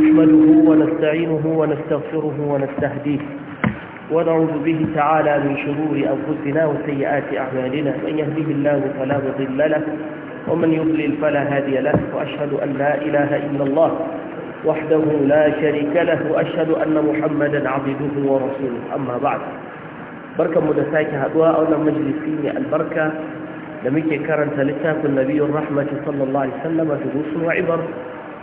نحمده ونستعينه ونستغفره ونستهديه ونعوذ به تعالى من شرور أنفسنا وسيئات أعمالنا من يهده الله فلا مضل له ومن يضلل فلا هادي له وأشهد أن لا إله إلا الله وحده لا شريك له وأشهد أن محمدا عبده ورسوله أما بعد بركة مدساكة هدواء أولا مجلسين البركة لم يكن كرنت لتاكن نبي الرحمة صلى الله عليه وسلم دروس وعبر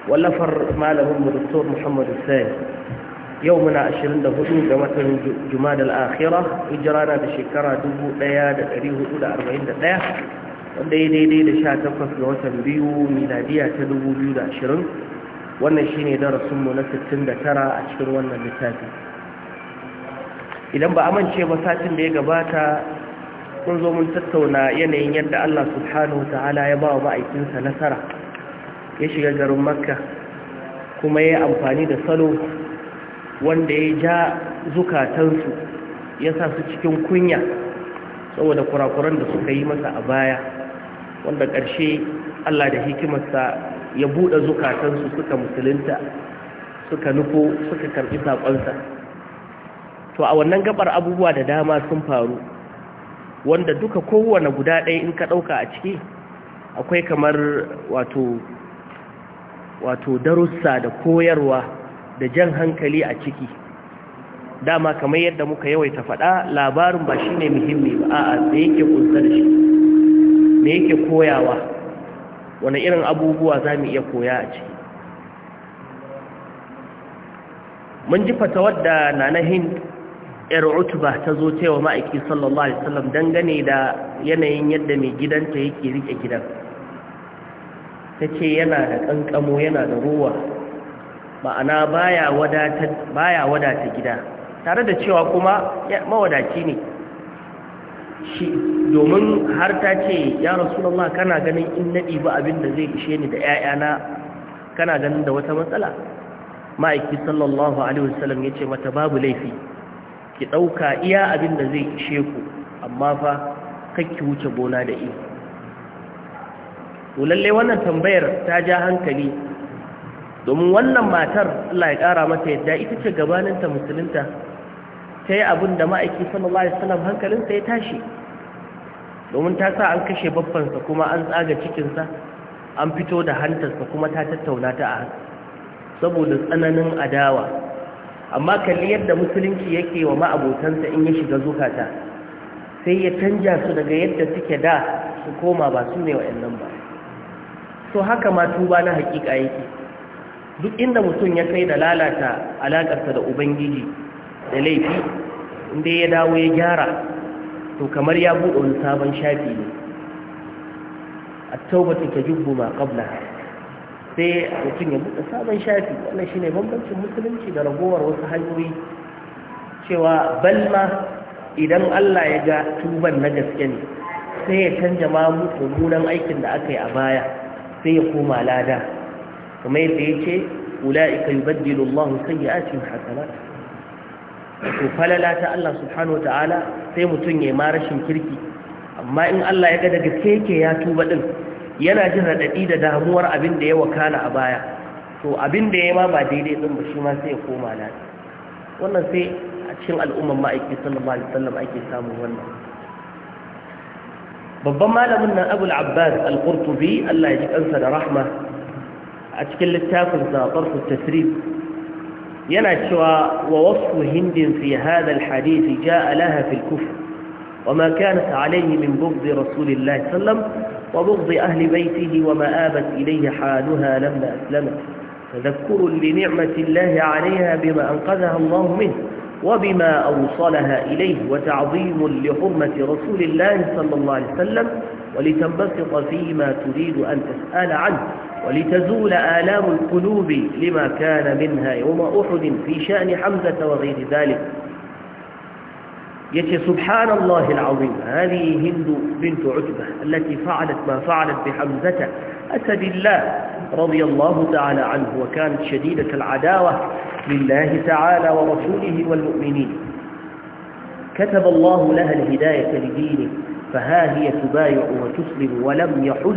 wallafar malamin mu Dr. Muhammad Sani yau muna 24 ga watan Jumadal Akhira hijira na da shekara 1441 wanda ya daidai da 18 ga watan biyu miladiya ta 2020 wannan shine darasin mu na 69 a cikin wannan littafi idan ba amince ba satin da ya gabata kun zo mun tattauna yanayin yadda Allah subhanahu wa ta'ala ya ba wa ma'aikinsa nasara ya shiga garin makka kuma ya amfani da salo wanda ya ja zukatansu ya sa su cikin kunya saboda kurakuran da suka yi masa a baya wanda ƙarshe allah da hikimarsa ya buɗe zukatansu suka musulunta suka nufo suka karɓi saƙonsa to a wannan gabar abubuwa da dama sun faru wanda duka kowane guda ɗaya in ka ɗauka a ciki akwai kamar wato wato darussa da koyarwa da jan hankali a ciki dama kamar yadda muka yawaita faɗa labarin ba shine muhimmi ba a'a me yake kunsa da shi me yake koyawa wani irin abubuwa za mu iya koya a ciki mun ji fatawar da na hind yar utuba ta zo cewa ma'aiki sallallahu alaihi wasallam dangane da yanayin yadda mai gidanta yake rike gidan ta ce yana da ƙanƙamo yana da ruwa ma'ana baya wadata gida tare da cewa kuma mawadaci ne shi domin har ta ce ya rasulallah kana ganin in naɗi ba abin da zai ishe ni da 'ya'yana kana ganin da wata matsala ma'aiki sallallahu alaihi wasallam ya ce mata babu laifi ki ɗauka iya abin da zai ishe ku amma fa kakki wuce gona da iya to lalle wannan tambayar ta ja hankali domin wannan matar Allah ya ƙara mata yadda ita ce gabaninta musulunta ta yi abin da ma'aiki sallallahu alaihi wasallam hankalinsa ya tashi domin ta sa an kashe babbansa kuma an tsaga cikinsa an fito da hantarsa kuma ta tattauna ta a saboda tsananin adawa amma kalli yadda musulunci yake wa ma'abotansa in ya shiga zukata sai ya canja su daga yadda suke da su koma ba su ne wa'annan ba to haka ma tuba na hakika yake duk inda mutum ya kai da lalata alakarsa da ubangiji da laifi inda ya dawo ya gyara to kamar ya buɗe wani sabon shafi ne a taubatu ta jubbu ma ƙabla sai mutum ya buɗe sabon shafi wannan shine bambancin musulunci da ragowar wasu hanyoyi cewa balma idan Allah ya ga tuban na gaske ne sai ya canja ma gudan aikin da aka yi a baya sai ya koma lada kuma yadda ya ce ula'ika sai ya sayyi'atin hasanat to falala ta Allah subhanahu ta'ala, sai mutum ya ma rashin kirki amma in Allah ya ga daga keke ya tuba din yana jin raɗaɗi da damuwar abin da ya wakana a baya to abin da ya ma ba daidai din ba shi ma sai ya koma lada wannan sai a cikin al'umman ma'aiki sallama alaihi wasallam ake samun wannan ربما هذا من أبو العباس القرطبي الله يجب أن سنة رحمة أتكل التافز طرف التسريب ينشوى ووصف هند في هذا الحديث جاء لها في الكفر وما كانت عليه من بغض رسول الله صلى الله عليه وسلم وبغض أهل بيته وما آبت إليه حالها لما أسلمت تذكر لنعمة الله عليها بما أنقذها الله منه وبما أوصلها إليه وتعظيم لحرمة رسول الله صلى الله عليه وسلم ولتنبسط فيما تريد أن تسأل عنه ولتزول آلام القلوب لما كان منها يوم أحد في شأن حمزة وغير ذلك يتي سبحان الله العظيم هذه هند بنت عتبة التي فعلت ما فعلت بحمزة أسد الله رضي الله تعالى عنه وكانت شديدة العداوة لله تعالى ورسوله والمؤمنين كتب الله لها الهداية لدينه فها هي تبايع وتسلم ولم يحل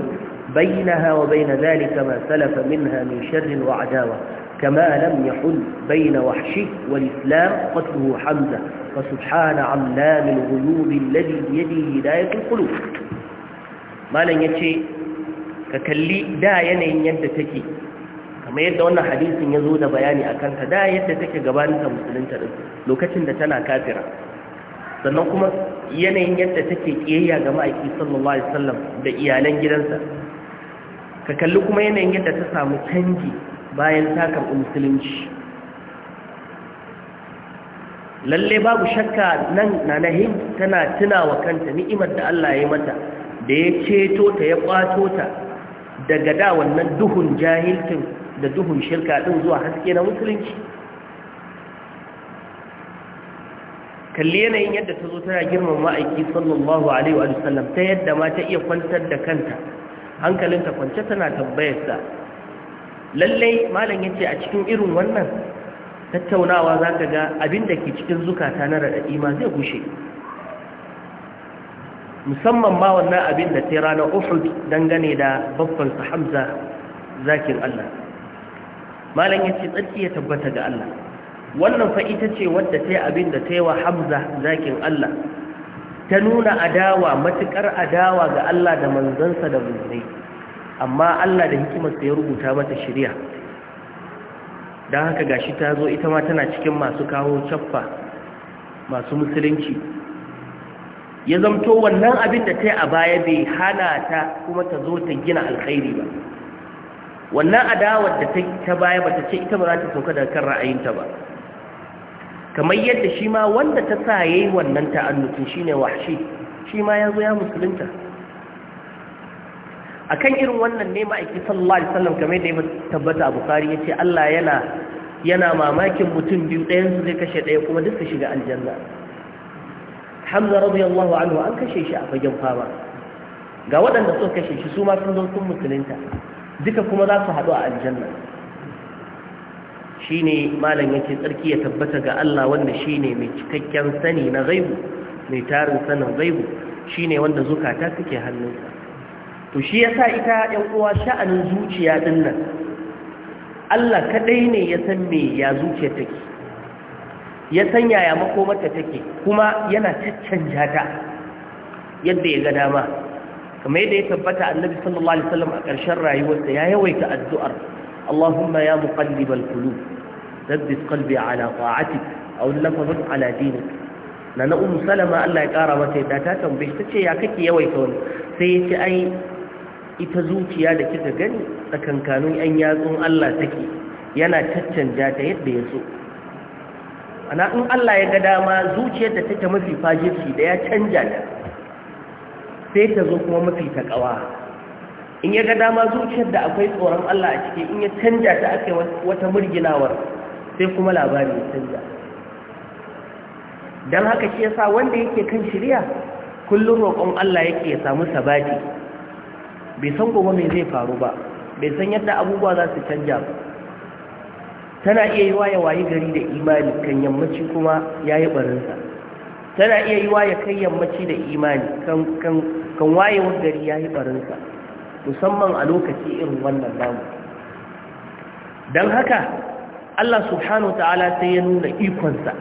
بينها وبين ذلك ما سلف منها من شر وعداوة كما لم يحل بين وحشه والإسلام قتله حمزة فسبحان علام الغيوب الذي بيده هداية القلوب ما لن يتشي ككلي دا ينين يد kamar yadda wannan hadisin ya zo da bayani a kanta da yadda take gabaninta musulunta ɗin lokacin da tana kafira sannan kuma yanayin yadda take ƙiyayya ga ma'aiki sallallahu alaihi wasallam da iyalan gidansa ka kalli kuma yanayin yadda ta samu canji bayan ta karɓi musulunci lalle babu shakka nan na nahim tana tunawa kanta ni'imar da Allah ya yi mata da ya ceto ta ya kwato ta daga da wannan duhun jahilcin da duhun shirka ɗin zuwa haske na musulunci kalli yanayin yadda ta zo tana girman ma'aiki sallallahu alaihi wa ta yadda ma ta iya kwantar da kanta hankalinta kwance tana tambayarsa lallai malam yace a cikin irin wannan tattaunawa za ka ga abin da ke cikin zukata na raɗaɗi ma zai gushe musamman ma wannan abin da ta rana uhud dangane da babban hamza zakin allah malam ya ce tsarki ya tabbata ga Allah wannan fa ita ce wadda ta yi abin da ta yi wa hamza zakin Allah ta nuna adawa matuƙar adawa ga Allah da manzansa da munzai amma Allah da hikimarsa ya rubuta mata shirya don haka gashi ta zo ita ma tana cikin masu kawo caffa masu musulunci ya zamto wannan abin da ta yi a baya bai hana ta kuma ta zo ta gina alkhairi ba wannan adawar da ta ta baya ba ta ce ita ba za ta sauka daga kan ra'ayinta ba kamar yadda shi ma wanda ta sa ya yi wannan ta'annutin shi ne washi shi ma ya zo ya musulunta a kan irin wannan ne ma'aiki sallallahu alaihi wasallam kamar da ya tabbata a bukari ya ce allah yana yana mamakin mutum biyu ɗayansu zai kashe ɗaya kuma duk su shiga aljanna hamza radiyallahu anhu an kashe shi a fagen fama ga waɗanda suka kashe shi su ma sun zo sun musulunta duka kuma za su haɗu a aljanna shine malam yake tsarki ya tabbata ga Allah wanda shine mai cikakken sani na gaibu mai tarin sanin gaibu shine wanda zukata suke hannunsa to shi yasa ita 'yan uwa sha'anin zuciya din nan Allah kaɗai ne ya san me ya zuciya take ya san yaya makomarta take kuma yana caccanja ta yadda ya ga dama kamar yadda ya tabbata annabi sallallahu alaihi wasallam a ƙarshen rayuwarsa ya yawaita addu'ar Allahumma ya muqallibal qulub thabbit qalbi ala ta'atik aw lafazun ala dinik na na ummu salama Allah ya kara mata yadda ta tambaye ta ce ya kake yawaita wani sai ya ce ai ita zuciya da kika gani tsakankanin yan yatsun Allah take yana caccanja ta yadda ya so ana in Allah ya ga dama zuciyar da take mafi fajirci da ya canja ta sai ta zo kuma mafi takawa in ya ga dama zuciyar da akwai tsoron Allah a ciki in ya canja ta ake wata murginawar sai kuma labari ya canja don haka shi yasa wanda yake kan shirya kullum roƙon Allah yake ya samu sabati bai san gobe mai zai faru ba bai san yadda abubuwa za su canja ba tana iya yi waye waye gari da imani kan yammaci kuma ya yi barinsa tana iya yi waye kai yammaci da imani kan wayewar gari ya yi barinsa musamman a lokaci irin wannan damu don haka Allah subhanahu ta'ala sai ya nuna ikonsa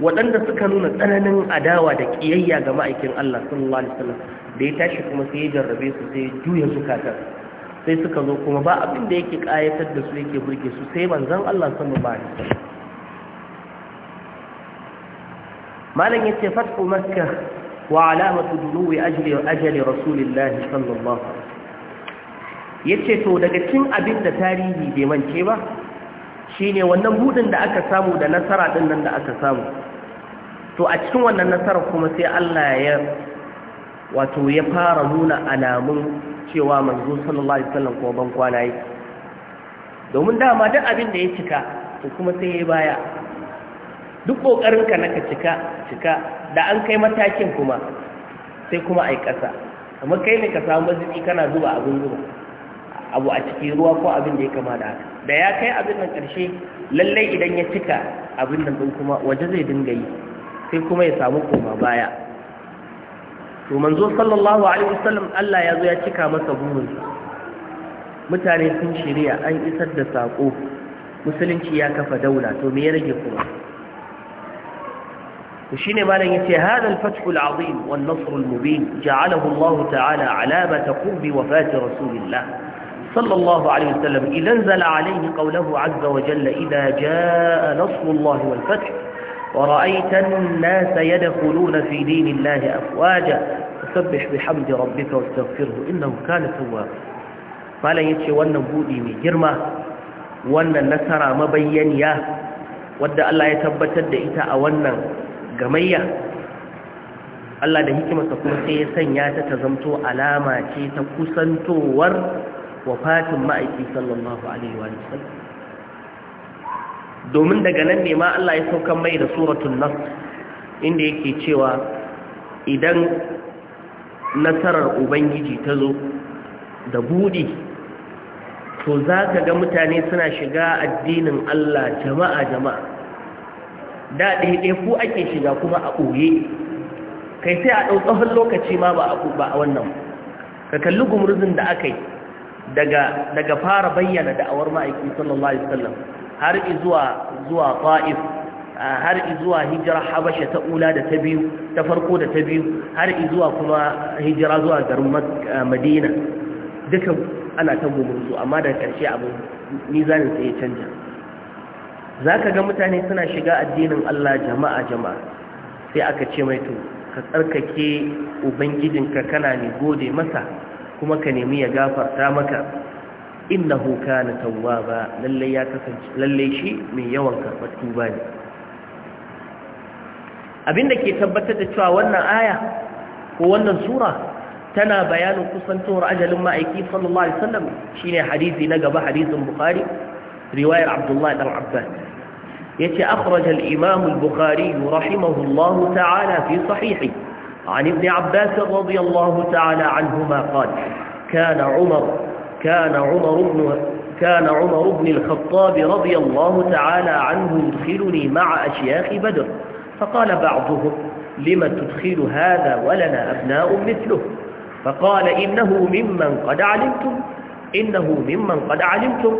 waɗanda suka nuna tsananin adawa da ƙiyayya ga ma'aikin Allah sallallahu alaihi wasallam da ya tashi kuma sai ya jarrabe su sai juya zukatar sai suka zo kuma ba abin da yake ƙayatar da su yake burge su sai manzon Allah sallallahu alaihi wasallam malam yace fathu makka wa alamatu duluwi ajli ajali rasulillah sallallahu alaihi yace to daga cikin abin da tarihi bai mance ba shine wannan budin da aka samu da nasara din nan da aka samu to a cikin wannan nasarar kuma sai Allah ya wato ya fara nuna alamun cewa manzo sallallahu alaihi wasallam ko ban kwana yi domin dama duk abin da ya cika to kuma sai ya baya duk ƙoƙarinka na ka cika cika da an kai matakin kuma sai kuma a yi ƙasa kamar kai ne ka samu maziki kana zuba abin zuba abu a cikin ruwa ko abin da ya kama da haka da ya kai abin nan ƙarshe lallai idan ya cika abin nan ɗin kuma waje zai dinga yi sai kuma ya samu koma baya to manzo sallallahu alaihi wasallam Allah ya zo ya cika masa burinsa mutane sun shirya an isar da sako musulunci ya kafa daula to me ya rage kuma وشين مالن يتي هذا الفتح العظيم والنصر المبين جعله الله تعالى علامة قرب وفاة رسول الله صلى الله عليه وسلم إذا انزل عليه قوله عز وجل إذا جاء نصر الله والفتح ورأيت الناس يدخلون في دين الله أفواجا فسبح بحمد ربك واستغفره إنه كان توابا مالن يتي وانا بودي من جرمه وانا نسر مبينيا ودى الله يتبتد إتاء da gamayya Allah da hikimarsa kuma sai ya sanya ta ta zamto alama ce ta kusantowar wafatin ma'aiki sallallahu alaihi wa sallam domin daga nan ne ma Allah ya saukan mai da suratun nas inda yake cewa idan nasarar ubangiji ta zo da budi to za ka ga mutane suna shiga addinin Allah jama'a jama'a da ɗaiɗai ku ake shiga kuma a ɓoye kai sai a ɗau lokaci ma ba a wannan ka kalli gumurzun da aka yi daga fara bayyana da'awar ma'aikin sallallahu alaihi wasallam har zuwa zuwa fa'if har zuwa hijira habasha ta ula da ta biyu ta farko da ta biyu har zuwa kuma hijira zuwa garin madina duka ana ta gumurzu amma da ƙarshe abin nizanin sai ya canja za ka ga mutane suna shiga addinin Allah jama'a jama'a sai aka ce mai to ka tsarkake ubangijinka kana ne gode masa kuma ka nemi ya gafarta maka innahu kana ba, lallai ya kasance lallai shi mai yawan karɓar tuba ne abinda ke tabbatar da cewa wannan aya ko wannan sura tana bayanin kusantowar ajalin ma'aiki sallallahu alaihi wasallam shine hadisi na gaba hadisin bukhari رواية عبد الله بن عباس akhraj أخرج الإمام البخاري رحمه الله تعالى في صحيحه عن ابن عباس رضي الله تعالى عنهما قال كان عمر كان عمر بن كان عمر بن الخطاب رضي الله تعالى عنه يدخلني مع أشياخ بدر فقال بعضهم لما تدخل هذا ولنا أبناء مثله فقال إنه ممن قد علمتم إنه ممن قد علمتم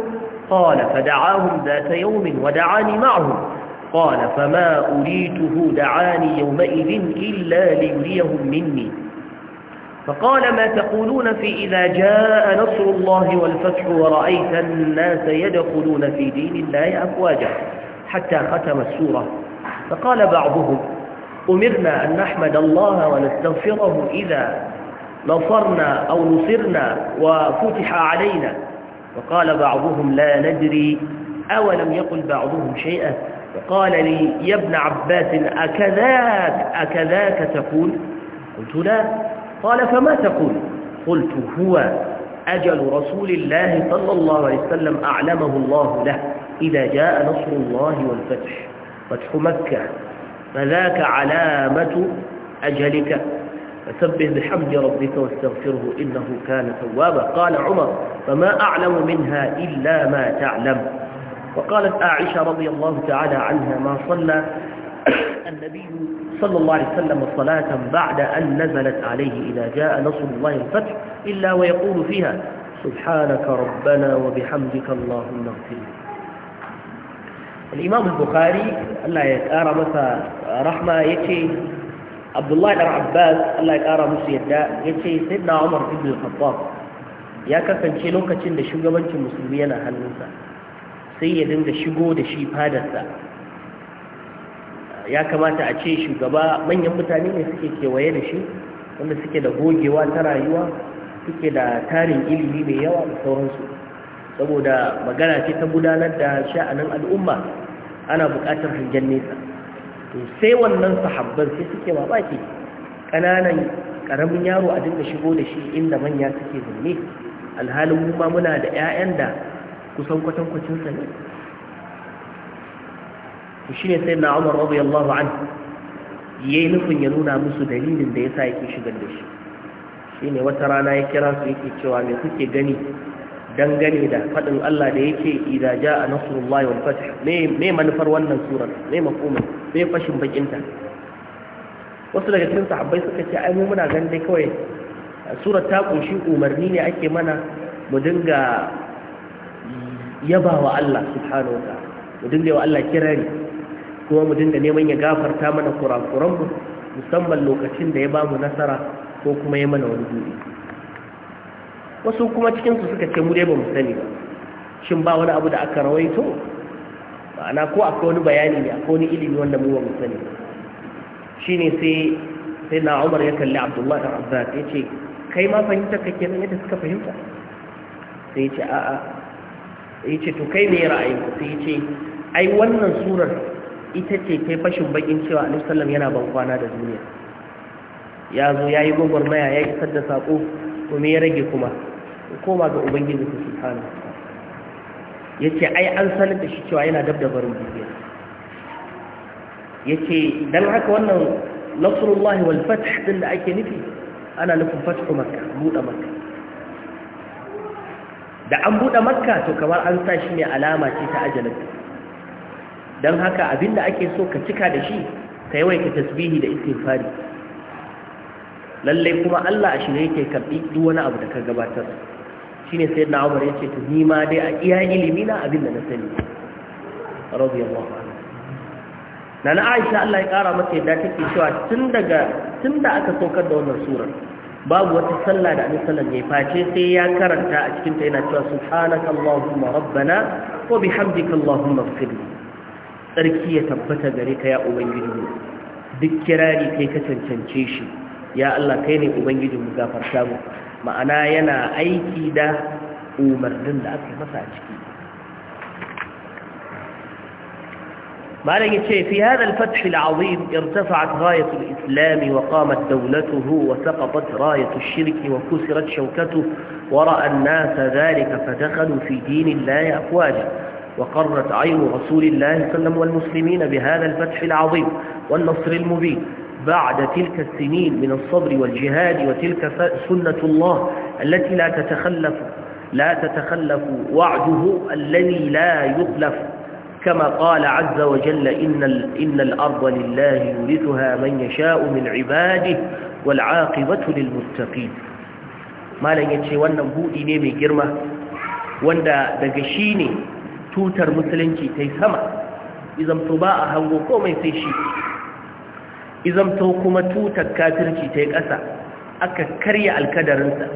قال فدعاهم ذات يوم ودعاني معهم قال فما أريته دعاني يومئذ إلا ليريهم مني فقال ما تقولون في إذا جاء نصر الله والفتح ورأيت الناس يدخلون في دين الله أفواجا حتى ختم السورة فقال بعضهم أمرنا أن نحمد الله ونستغفره إذا نصرنا أو نصرنا وفتح علينا وقال بعضهم لا ندري أولم يقل بعضهم شيئا وقال لي يا ابن عباس أكذاك أكذاك تقول قلت لا قال فما تقول قلت هو أجل رسول الله صلى الله عليه وسلم أعلمه الله له إذا جاء نصر الله والفتح فتح مكة فذاك علامة أجلك فسبح بحمد ربك واستغفره إنه كان توابا قال عمر فما أعلم منها إلا ما تعلم وقالت عائشة رضي الله تعالى عنها ما صلى النبي صلى الله عليه وسلم صلاة بعد أن نزلت عليه إذا جاء نصر الله الفتح إلا ويقول فيها سبحانك ربنا وبحمدك اللهم اغفر الإمام البخاري الله يتآرى رحمة يكي abdullahi dan abbas allah ya kara musu yadda ya ce sai na umar ibn khattab ya kasance lokacin da shugabancin musulmi yana hannunsa sai ya dinga shigo da shi fadarsa ya kamata a ce shugaba manyan mutane ne suke kewaye da shi wanda suke da gogewa ta rayuwa suke da tarin ilimi mai yawa da sauransu saboda magana ce ta gudanar da sha'anin al'umma ana buƙatar hangen nesa to sai wannan sahabban sai suke mamaki ƙananan ƙaramin yaro a dinga shigo da shi inda manya suke zanne alhalin mu ma muna da 'ya'yan da kusan kwatankwacinsa ne to shi sai na umar radiyallahu anhu ya nufin ya nuna musu dalilin da ya sa yake shigar da shi shi wata rana ya kira su yake cewa mai kuke gani don gani da faɗin Allah da yake idaja a nasarullahi wal fatih me manufar wannan surar me makomai sai fashin bakinta wasu daga cikin sahabbai suka ce ai mu muna ganin dai kawai sura ta kunshi umarni ne ake mana mu dinga yaba wa Allah subhanahu wa ta'ala mu dinga wa Allah kirari kuma mu dinga neman ya gafarta mana kurakuran mu musamman lokacin da ya ba mu nasara ko kuma ya mana wani wasu kuma cikin su suka ce mu dai ba mu sani ba shin ba wani abu da aka rawaito ma'ana ko akwai wani bayani ne akwai wani ilimi wanda mu wani sani ne sai sai na Umar ya kalli Abdullahi da Abbas ya ce kai ma fahimta ka nan yadda suka fahimta sai ya ce a'a ya ce to kai ne ra'ayin ku sai ya ce ai wannan surar ita ce kai fashin bakin cewa alif sallallahu yana ban kwana da duniya ya zo ya yi gwagwarmaya ya isar da saƙo to me ya rage kuma koma ga ubangiji Sultana. ya ce ai an sanar da shi cewa yana dab da barin ya ce don haka wannan nasarullahi wal din da ake nufi ana nufin fatahu makka buɗe makka da an buɗe makka to kamar an sa shi ne alama ce ta ajalin don haka abinda ake so ka cika da shi ka yawaita tasbihi da fari. Lallai kuma Allah a shirye yake karbi duk wani abu da ka gabatar shine sai na umar yace to ni ma dai a iya ilimi na abin da na sani radiyallahu anhu nana Aisha Allah ya kara mata yadda take cewa tun daga da aka saukar da wannan surar babu wata sallah da annabi sallallahu ya face sai ya karanta a cikin ta yana cewa subhanaka allahumma rabbana wa bihamdika allahumma ighfirli sarki ya tabbata gare ka ya ubangiji mu duk kirari kai ka cancance shi ya Allah kai ne Ubangiji mu gafarta mu ma'ana yana aiki da umarnin da aka masa a ciki مالك الشيء في هذا الفتح العظيم ارتفعت غاية الإسلام وقامت دولته وسقطت راية الشرك وكسرت شوكته ورأى الناس ذلك فدخلوا في دين الله أفواجا وقرت عين رسول الله صلى الله عليه وسلم والمسلمين بهذا الفتح العظيم والنصر المبين بعد تلك السنين من الصبر والجهاد وتلك سنة الله التي لا تتخلف لا تتخلف وعده الذي لا يخلف كما قال عز وجل إن, إن الأرض لله يورثها من يشاء من عباده والعاقبة للمتقين ما لن يتشي وانا بودي نيمي جرمة وانا دقشيني توتر مسلنكي تيسما إذا مطباء هنغو كومي izamto kuma tutar kafirci ta yi ƙasa aka karya alkadarinsa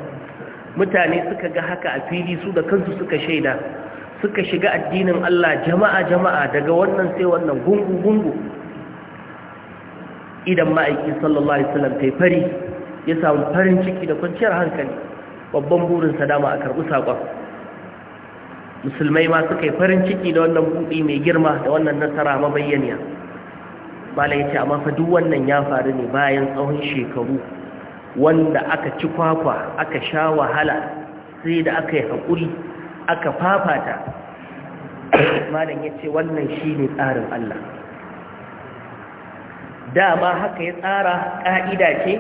mutane suka ga haka a fili su da kansu suka shaida suka shiga addinin Allah jama'a jama'a daga wannan sai wannan gungu-gungu idan ma'aikin sallallahu Alaihi wasallam ta fari ya samu farin ciki da kwanciyar hankali babban burinsa dama a karɓi saƙon musulmai ma suka yi farin ciki da wannan buɗi mai girma da wannan nasara mabayyaniya bala ya ce amma fa duk wannan ya faru ne bayan tsawon shekaru wanda aka ci kwakwa aka sha wahala sai da aka yi haƙuri aka fafata malam ya ce wannan shi ne tsarin Allah da dama haka ya tsara ƙa'ida ce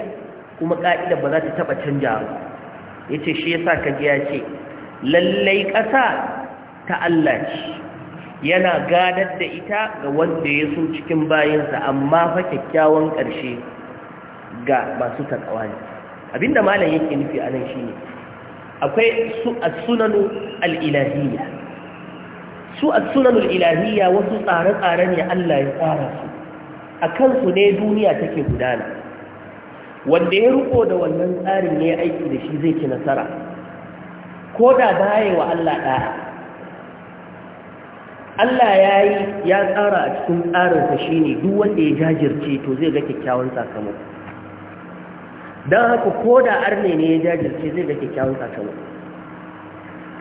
kuma ƙa'ida ba za ta taɓa canja ba ya ce shi ya sa ka ya ce lallai ƙasa ta Allah ce yana gadar da ita ga wanda ya so cikin bayansa amma fa kyakkyawan ƙarshe ga masu takawa ne abinda malam yake nufi a nan shine akwai su as-sunanu al-ilahiyya su as-sunanu al-ilahiyya wasu tsare-tsare ne Allah ya tsara su akan su ne duniya take gudana wanda ya ruko da wannan tsarin ne aiki da shi zai ci nasara ko da wa Allah da'a Allah ya yi ya tsara a cikin tsarinsa shi ne duk wanda ya jajirce to zai ga kyakkyawan sakamako don haka ko da arne ne ya jajirce zai ga kyakkyawan sakamako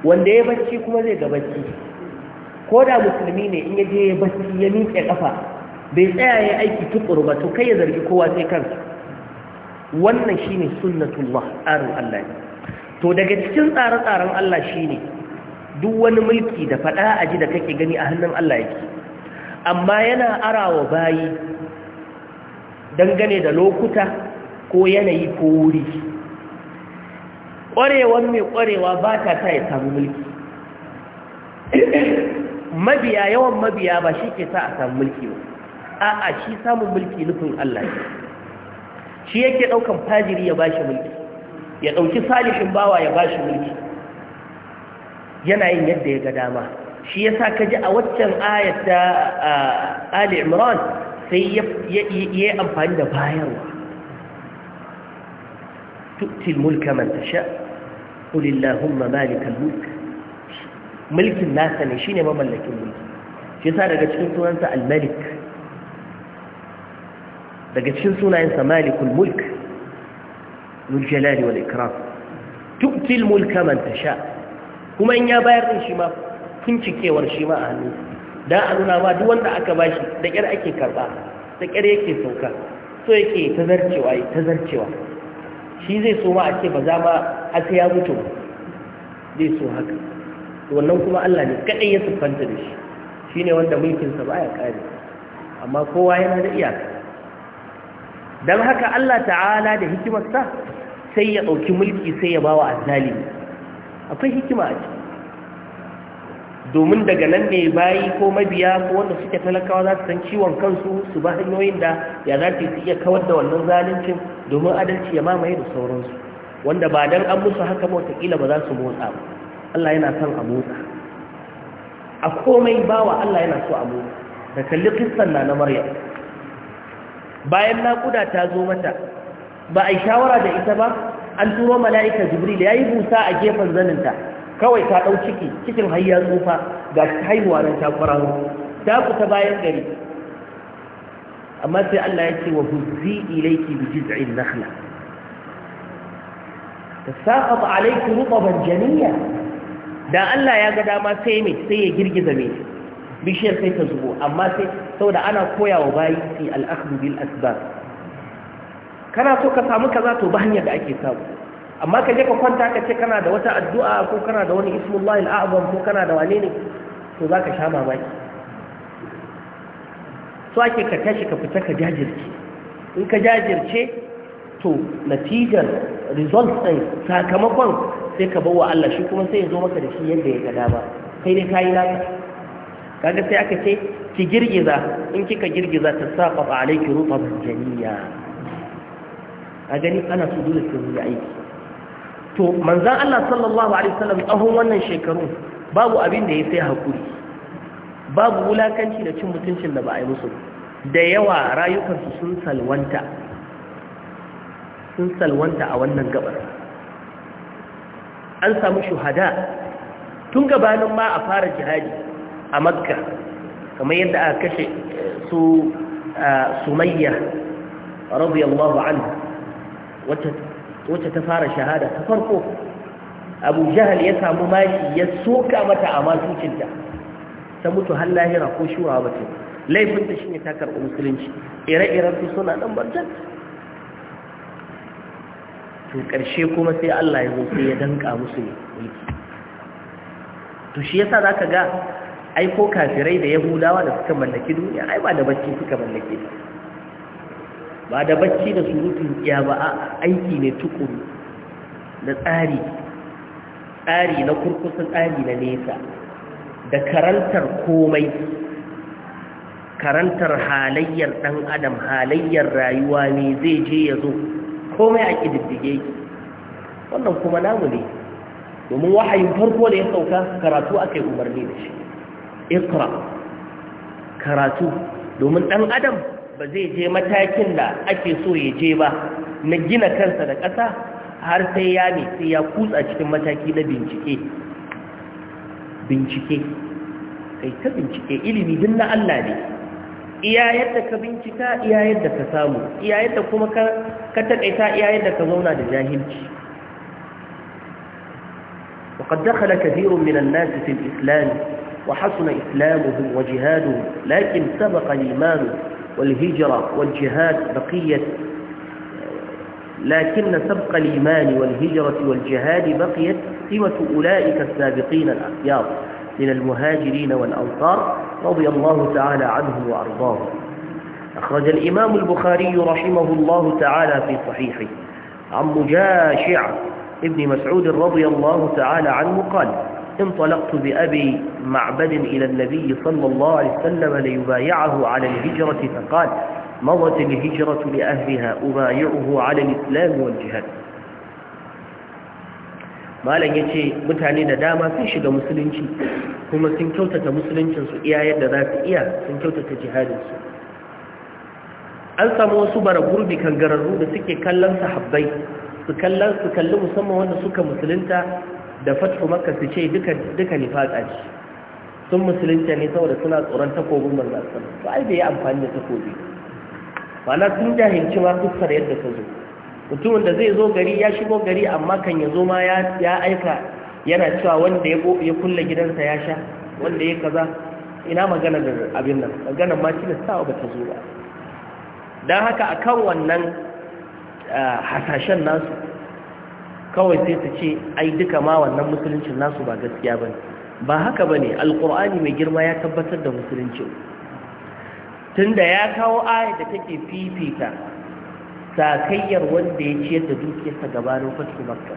wanda ya bacci kuma zai ga bacci ko da musulmi ne in ya je ya bacci ya miƙe ƙafa bai tsaya ya aiki tukuru ba to kai ya zargi kowa sai kansa wannan shi ne sunnatullah tsarin Allah ne to daga cikin tsare-tsaren Allah shi ne. duk wani mulki da faɗa a ji da kake gani a hannun Allah yake amma yana arawa bayi dangane da lokuta ko yanayi ko wuri ƙwarewar mai ƙwarewa ba ta ta ya samu mulki mabiya yawan mabiya ba shi ke sa a samu mulki ba a'a shi samun mulki nufin Allah ne shi yake ɗaukan fajiri ya ba shi mulki ya ɗauki salihin bawa ya ba shi mulki yana yin yadda ya ga dama shi yasa ka ji a waccan ayat ta Ali Imran sai ya yi amfani da bayarwa tu'til mulka man tasha qul illahumma malikal mulk mulkin nasa ne shine mamallakin mulki shi yasa daga cikin sunansa al-malik daga cikin sunayensa malikul mulk ذو الجلال ikram تؤتي mulka من تشاء kuma in ya bayar din shi ma tuncikewar shi ma a hannu Da a nuna ma duk wanda aka bashi da kyar ake karba da kyar yake sauka so yake ta zarcewa ya ta zarcewa shi zai so ma a ce ba za ma a sai ya mutu ba zai so haka wannan kuma Allah ne kadai ya siffanta da shi shine wanda mulkinsa baya kare amma kowa yana da iyaka dan haka Allah ta'ala da hikimarsa sai ya dauki mulki sai ya bawa azzalimi akwai hikima a ciki domin daga nan ne bayi ko mabiya ko wanda suke talakawa za su san ciwon kansu su ba hanyoyin da ya za su iya kawar da wannan zaluncin domin adalci ya mamaye da sauransu wanda ba dan an musu haka ba watakila ba za su motsa ba Allah yana son a motsa a komai bawa Allah yana so a motsa da kalli kissan na na Maryam bayan naƙuda ta zo mata ba a yi shawara da ita ba an turo mala'ika jibril yayi busa a gefen zaninta kawai ta dau ciki cikin hayya tsufa ga haihuwa nan ta kwararo ta fita bayan gari amma sai Allah ya ce wa huzzi ilayki bi jiz'in nakhla tasaqat alayki rutban janiya da Allah ya ga dama sai me sai ya girgiza me bishiyar sai ta zubo amma sai saboda ana koyawa bayi fi al-akhdh bil asbab kana so ka samu kaza to ba hanyar da ake samu amma ka je ka kwanta ka ce kana da wata addu'a ko kana da wani ismullahi al'azam ko kana da wane ne to za ka sha mamaki so ake ka tashi ka fita ka jajirce in ka jajirce to natijar result ɗin sakamakon sai ka bawa Allah shi kuma sai ya zo maka da shi yadda ya ga dama kai ne kayi naka kaga sai aka ce ki girgiza in kika girgiza ta safa Alayki rufa a gani ana su dole sun yi aiki to manzan Allah sallallahu alaihi wasallam tsawon wannan shekaru babu abin da ya sai hakuri babu wulakanci da cin mutuncin da ba a yi musu da yawa rayukansu sun salwanta sun salwanta a wannan gabar an samu shuhada tun gabanin ma a fara jihadi a makka kamar yadda aka kashe su uh, sumayya radiyallahu anhu wacce ta fara shahada ta farko abu jahal ya samu mashi ya soka mata a matucinta ta mutu har lahira ko shura ba ce laifinta shi ne ta karɓi musulunci ire-iren su suna ɗan barjan to ƙarshe kuma sai Allah ya zo ya danka musu ne to shi yasa ka ga aiko kafirai da yahudawa da suka mallaki duniya ai ba da bacci suka mallake ba da bacci da surutun ya ba a aiki ne tukuru da tsari tsari na kurkusa tsari na nesa da karantar komai karantar halayyar ɗan adam halayyar rayuwa ne zai je ya zo komai a ƙididdige wannan kuma namu ne domin wahayin farko da ya sauka karatu aka yi umarni da shi ikra karatu domin ɗan adam ba zai je matakin da ake so ya je ba na gina kansa da ƙasa har sai ya ne sai ya kutsa cikin mataki na bincike bincike kai ta bincike ilimi din na Allah ne iya yadda ka bincika iya yadda ka samu iya yadda kuma ka taƙaita iya yadda ka zauna da jahilci وقد دخل كثير من الناس في الإسلام وحسن إسلامهم وجهادهم لكن سبق الإيمان والهجرة والجهاد بقية لكن سبق الإيمان والهجرة والجهاد بقيت سوة أولئك السابقين الأخيار من المهاجرين والأنصار رضي الله تعالى عنهم وأرضاهم أخرج الإمام البخاري رحمه الله تعالى في صحيحه عن مجاشع ابن مسعود رضي الله تعالى عنه قال انطلقت بأبي معبد إلى النبي صلى الله عليه وسلم ليبايعه على الهجرة فقال مضت الهجرة لأهلها أبايعه على الإسلام والجهاد ما لن يتي متعنين داما في شد مسلين هم سنكوتة مسلين سنسو إيا يد ذات إيا سنكوتة جهاد سنسو alsa musu barabur bi kangararru da suke kallon sahabbai su kallon su kallon da fatu maka su ce duka nifaka ce sun musulunta ne saboda suna tsoron takobin manzan sama ai bai yi amfani da takobi na sun jahilci ma fuskar yadda ta zo mutumin da zai zo gari ya shigo gari amma kan ya zo ma ya aika yana cewa wanda ya kulle gidansa ya sha wanda ya kaza ina magana da abin nan magana ma da sawa ba ta zo ba don haka a kan wannan eh, hasashen nasu kawai sai su ce ai duka ma wannan musuluncin nasu ba gaskiya bane, ba haka bane ne alƙur'ani mai girma ya tabbatar da musulunci tunda ya kawo ayat da take fifita sakayyar wanda ya ciyar da dukiyarsa gabanin fatu makka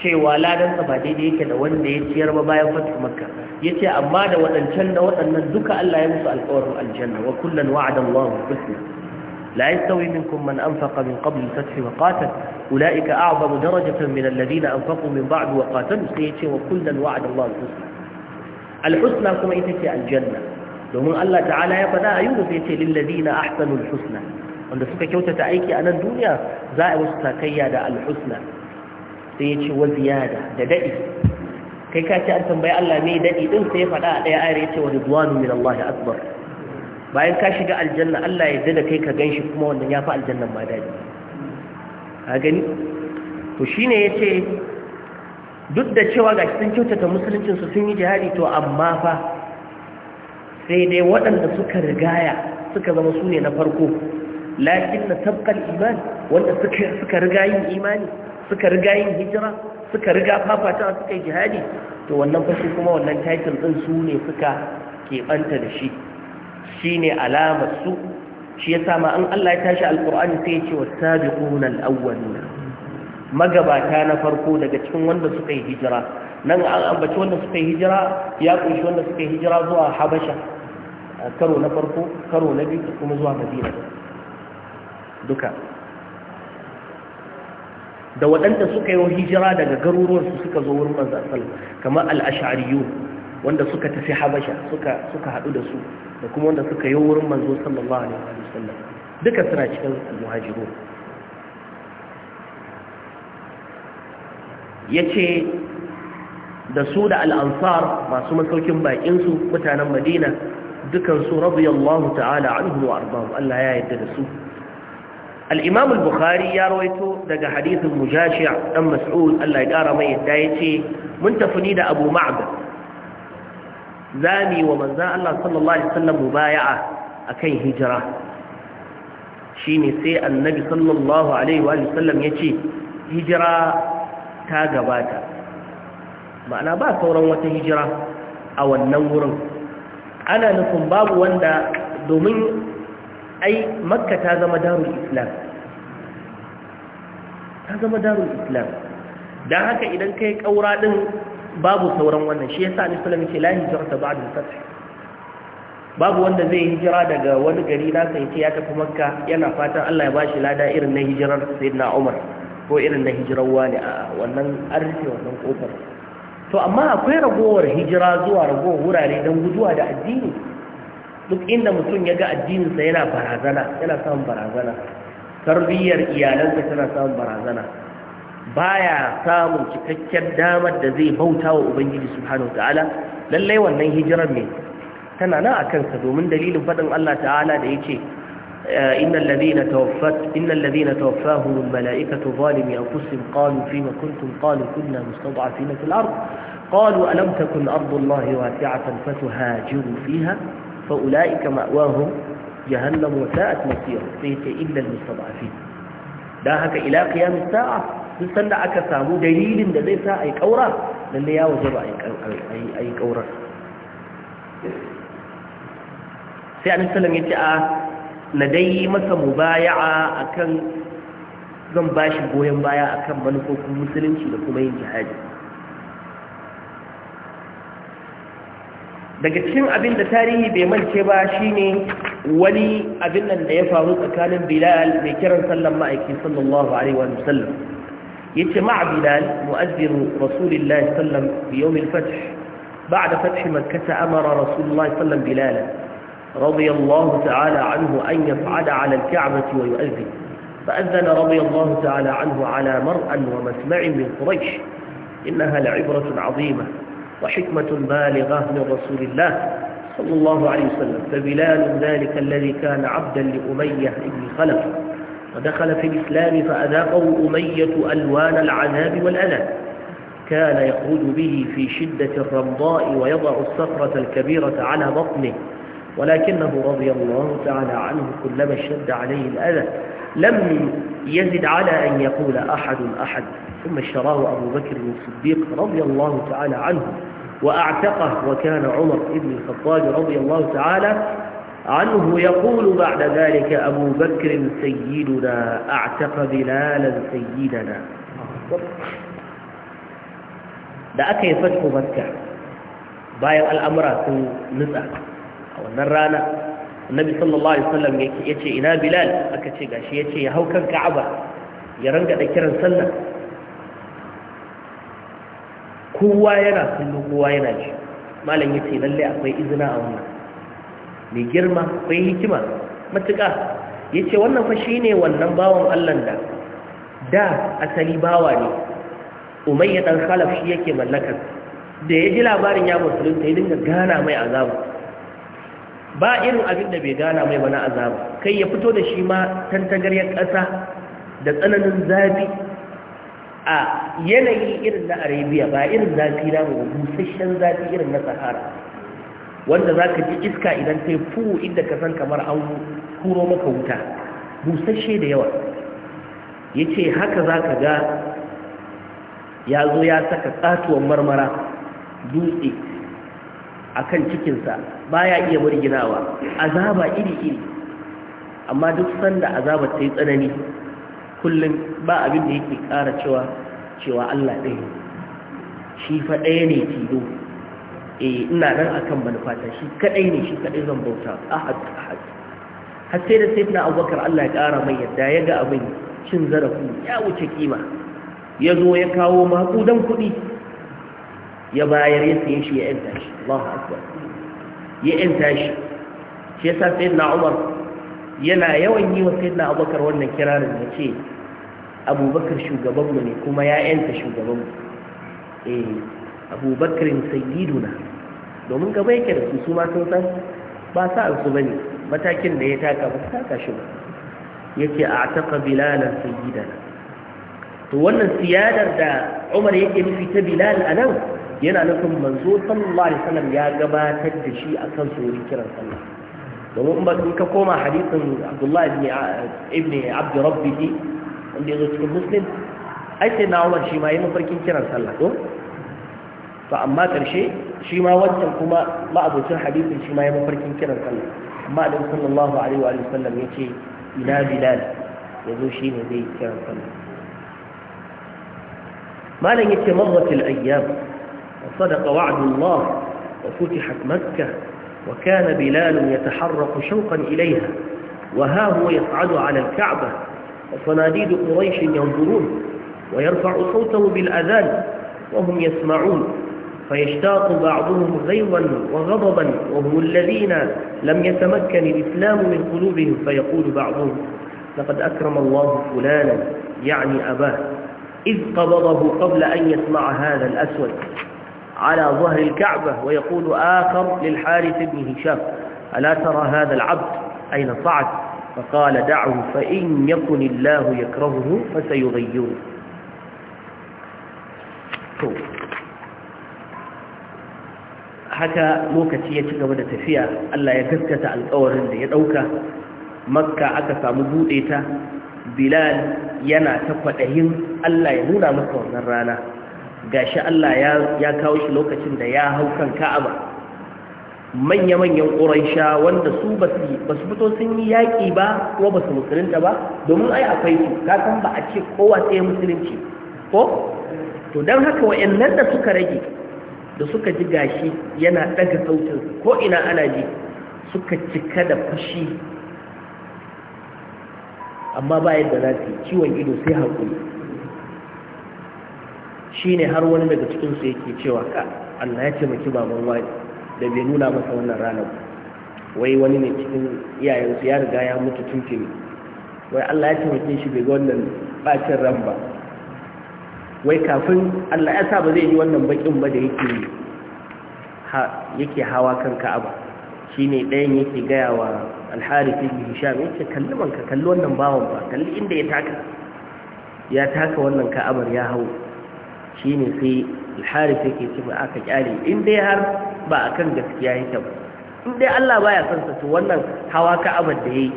cewa ladansa ba daidai yake da wanda ya ciyar ba bayan fatu makka ya ce amma da waɗancan da waɗannan duka allah ya musu alƙawarin aljanna wa kullum wa'adan husna لا يستوي منكم من أنفق من قبل الفتح وقاتل أولئك أعظم درجة من الذين أنفقوا من بعد وقاتلوا سيئة وكلا وعد الله الحسنى الحسنى كما يتكي الجنة domin Allah ta'ala ya faɗa a yi da ce lillazina ahsanul husna wanda suka kyautata aiki a nan duniya za a wasu takayya da alhusna sai ya ce wa da daɗi kai ka an tambayi Allah ne daɗi ɗin sai faɗa a ɗaya Aya ya ce wa ridwanu min akbar bayan ka shiga aljanna Allah ya zina kai ka ganshi kuma wannan ya fi aljannan ma daji a gani to shi ne ya ce duk da cewa ga sun kyautata musuluncinsu sun yi jihari to amma fa sai dai waɗanda suka rigaya suka zama su ne na farko lakin na tabkal iman wanda suka riga yin imani suka riga yin hijira suka riga fafata suka yi jihadi to wannan fashi kuma wannan title ɗin su ne suka keɓanta da shi shine alamar su shi ya sama. an Allah ya tashi Alƙur'ani sai ya ce wasabiquna alawwaluna magabata na farko daga cikin wanda suka yi hijira nan an ambaci wanda suka yi hijira ya kunshi wanda suka yi hijira zuwa habasha karo na farko karo na biyu kuma zuwa madina duka da waɗanda suka yi hijira daga garuruwansu suka zo wurin manzo sallallahu kamar al-ash'ariyun wanda suka tafi habasha suka suka hadu da su da kuma wanda suka yi wurin manzo sallallahu alaihi wa sallam duka suna cikin muhajiru yace da su da al'ansar masu masaukin su mutanen madina dukansu radiyallahu ta'ala anhu wa arbahu Allah ya yarda da su al-imam bukhari ya rawaito daga hadisin mujashi' ɗan mas'ud Allah ya kara mai yadda yace mun tafi ni da abu ma'bad Za yi wa manzan Allah sallallahu Alaihi wasallam mubaya'a a kan hijira shi ne sai annabi sallallahu Alaihi wasallam ya ce hijira ta gabata ma'ana ba sauran wata hijira a wannan wurin ana nufin babu wanda domin ai makka ta zama darul islam ta zama darul islam don haka idan kai kaura din babu sauran wannan shi yasa sa ni alaihi wasallam lahi ce al babu wanda zai hijira daga wani gari na sai ya tafi Makka yana fatan Allah ya bashi lada irin na hijirar Sayyidina Umar ko irin na hijirar wani a wannan arfi wannan kofar to amma akwai ragowar hijira zuwa ragowar wurare don guduwa da addini duk inda mutum ya ga addininsa yana barazana yana samun barazana tarbiyyar iyalansa tana samun barazana baya samun cikakken damar da zai bauta wa ubangiji subhanahu ta'ala lallai wannan hijirar ne tana nan a kansa domin dalilin faɗin Allah ta'ala da ya ce إن الذين توفت إن الذين توفاهم الملائكة ظالمي أنفسهم قالوا فيما كنتم قالوا كنا مستضعفين في الأرض قالوا ألم تكن أرض الله واسعة فتهاجروا فيها فأولئك مأواهم جهنم وساءت مصيرهم فيك إلا المستضعفين داهك إلى قيام الساعة duk sanda aka samu dalilin da zai sa a yi ƙaura lalle ya waje ba a yi ƙaurar sai a nisalam ya ce a ah, na dai masa mu baya a kan zan ba shi goyon baya a kan manufofin musulunci da kuma yin jihadi daga cikin abin da tarihi bai mance ba shine wani abin nan da ya faru tsakanin bilal mai kiran sallan ma'aiki sallallahu alaihi wa sallam يجمع بلال مؤذن رسول الله صلى الله عليه وسلم في يوم الفتح بعد فتح مكة أمر رسول الله صلى الله عليه وسلم بلالا رضي الله تعالى عنه أن يفعل على الكعبة ويؤذن فأذن رضي الله تعالى عنه على مرأى ومسمع من قريش إنها لعبرة عظيمة وحكمة بالغة من رسول الله صلى الله عليه وسلم فبلال ذلك الذي كان عبدا لأمية بن خلف ودخل في الإسلام فأذاقه أمية ألوان العذاب والأذى كان يخرج به في شدة الرمضاء ويضع الصخرة الكبيرة على بطنه ولكنه رضي الله تعالى عنه كلما اشتد عليه الأذى لم يزد على أن يقول أحد أحد ثم اشتراه أبو بكر الصديق رضي الله تعالى عنه وأعتقه وكان عمر بن الخطاب رضي الله تعالى عنه يقول بعد ذلك أبو بكر سيدنا أعتق بلالا سيدنا دعك يفتح مكة بايق الأمر في نزع أو النرانة النبي صلى الله عليه وسلم يأتي إنا بلال أكتشي قاشي يأتي يهوكا كعبا يرنق ذكرا سنة كوا ينا كل ما لن يتي للي أقوي إذنا أو نفسه mai girma akwai hikima matuƙa ya ce wannan fa shi ne wannan bawan allan da da asali bawa ne ya ɗan khalaf shi yake mallakar da ya ji labarin ya ta ya dinga gana mai azaba ba irin abin da bai gana mai wani azaba kai ya fito da shi ma tantagaryar ƙasa da tsananin zafi a yanayi irin na arabiya ba irin zafi na mu busasshen zafi irin na sahara wanda za ka ji iska idan ta yi fuhu inda ka san kamar an kuro maka wuta busashe da yawa ya ce haka za ka ga ya zo ya saka tsatuwan marmara dutse a kan cikinsa ba ya iya murginawa azaba iri-iri amma duk sanda azabar ta yi tsanani kullum ba abin da yake ƙara cewa cewa Allah ɗaya shi faɗaya ne tilo eh ina nan akan manufata shi kadai ne shi kadai zan bauta ahad ahad har sai da sayyidina abubakar Allah ya kara mai yadda ya ga abin cin zarafi ya wuce kima ya zo ya kawo makudan kuɗi ya bayar ya saye shi ya yanta shi Allahu akbar ya yanta shi shi yasa sayyidina Umar yana yawan yi wa sayyidina Abubakar wannan kirarin ya ce Abubakar shugabanmu ne kuma ya yanta shugabanmu eh abubakarin sayyiduna domin gaba yake da su su ma sun san ba sa su bane matakin da ya taka ba taka shi ba yake a taka bilalan sayyidana to wannan siyadar da Umar yake nufi ta Bilal anan yana nufin manzo sallallahu alaihi wasallam ya gabatar da shi akan sori kiran sallah domin ba in ka koma hadisin Abdullah ibn ibn Abd Rabbih wanda yake cikin Muslim ai sai na Umar shi ma yana farkin kiran sallah to فأما ترشي شما واتنكما ما أبو سن حديث شما يمفركين كنا نقل أما أدن صلى الله عليه وآله وسلم يتي إلى بلال يذو شين ذي كنا نقل ما لن يتمرت الأيام وصدق وعد الله وفتحت مكة وكان بلال يتحرق شوقا إليها وها هو يصعد على الكعبة وصناديد قريش ينظرون ويرفع صوته بالأذان وهم يسمعون فيشتاق بعضهم غيظا وغضبا وهم الذين لم يتمكن الإسلام من قلوبهم فيقول بعضهم لقد أكرم الله فلانا يعني أباه إذ قبضه قبل أن يسمع هذا الأسود على ظهر الكعبة ويقول آخر للحارث بن هشام ألا ترى هذا العبد أين صعد فقال دعه فإن يكن الله يكرهه فسيغيره طيب. haka lokaci ya ci gaba da tafiya Allah ya gaskata alkawarin da ya ɗauka makka aka samu buɗe ta bilal yana ta kwaɗayin Allah ya nuna masa wannan rana Ga shi Allah ya kawo shi lokacin da ya hau kan ka'aba manya-manyan ƙuraisha wanda su ba su fito sun yi yaƙi ba kuma ba su musulunta ba domin ai akwai su ka san ba a ce kowa sai musulunci ko to don haka wa'annan da suka rage da suka ji gashi yana daga sautin ko ina ana ji suka cika da fushi amma ba yadda za su yi ciwon ido sai haƙuri shi ne har wani daga cikinsu yake cewa ka allah ya ce maki baban wani da bai nuna masa wannan ranar wai wani ne cikin iyayensu ya riga ya mutu tuntuni wai allah ya ce maki shi bai ga wannan bacin ran ba wai kafin Allah ya sa ba zai yi wannan bakin ba da yake yake hawa kan Ka'aba shine ɗayan yake gaya wa Al-Harith ibn Hisham yake kalli manka kalli wannan bawon ba kalli inda ya taka ya taka wannan Ka'abar ya hawo shine sai Al-Harith yake cewa aka kyale in dai har ba akan gaskiya yake ba in dai Allah baya son sa to wannan hawa Ka'abar da yayi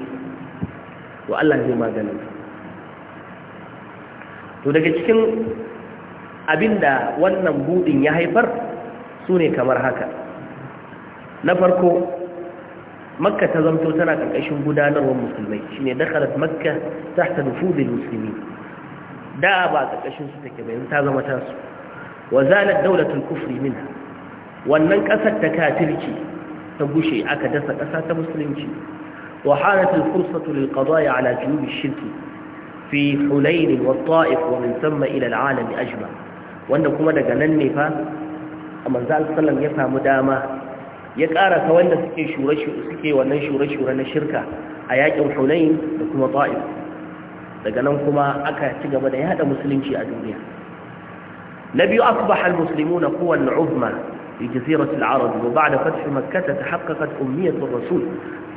to Allah zai magana to daga cikin abinda wannan budin ya haifar su ne kamar haka na farko makka ta zamto tana ƙarƙashin gudanarwar musulmai shi ne dakhalat makka ta nufuzil muslimin da ba ƙarƙashin su take bayan ta zama tasu wa zalat daulatun kufri min wannan ƙasar ta kafirci ta gushe aka dasa ƙasa ta musulunci wa hanatun kursatun lil ala junubi shirki fi hulayn wa ta'if wa min thamma ila al-alam ajma' wanda kuma daga nan ne fa a manzan sallam ya samu dama ya karasa wanda suke suke wannan shure-shure na shirka a yakin hunain da kuma ta'if daga nan kuma aka ci gaba da yada musulunci a duniya na biyu asbaha almuslimuna quwwan uzma fi jazirati wa ba'da fath makkah tahaqqaqat ummiyat ar-rasul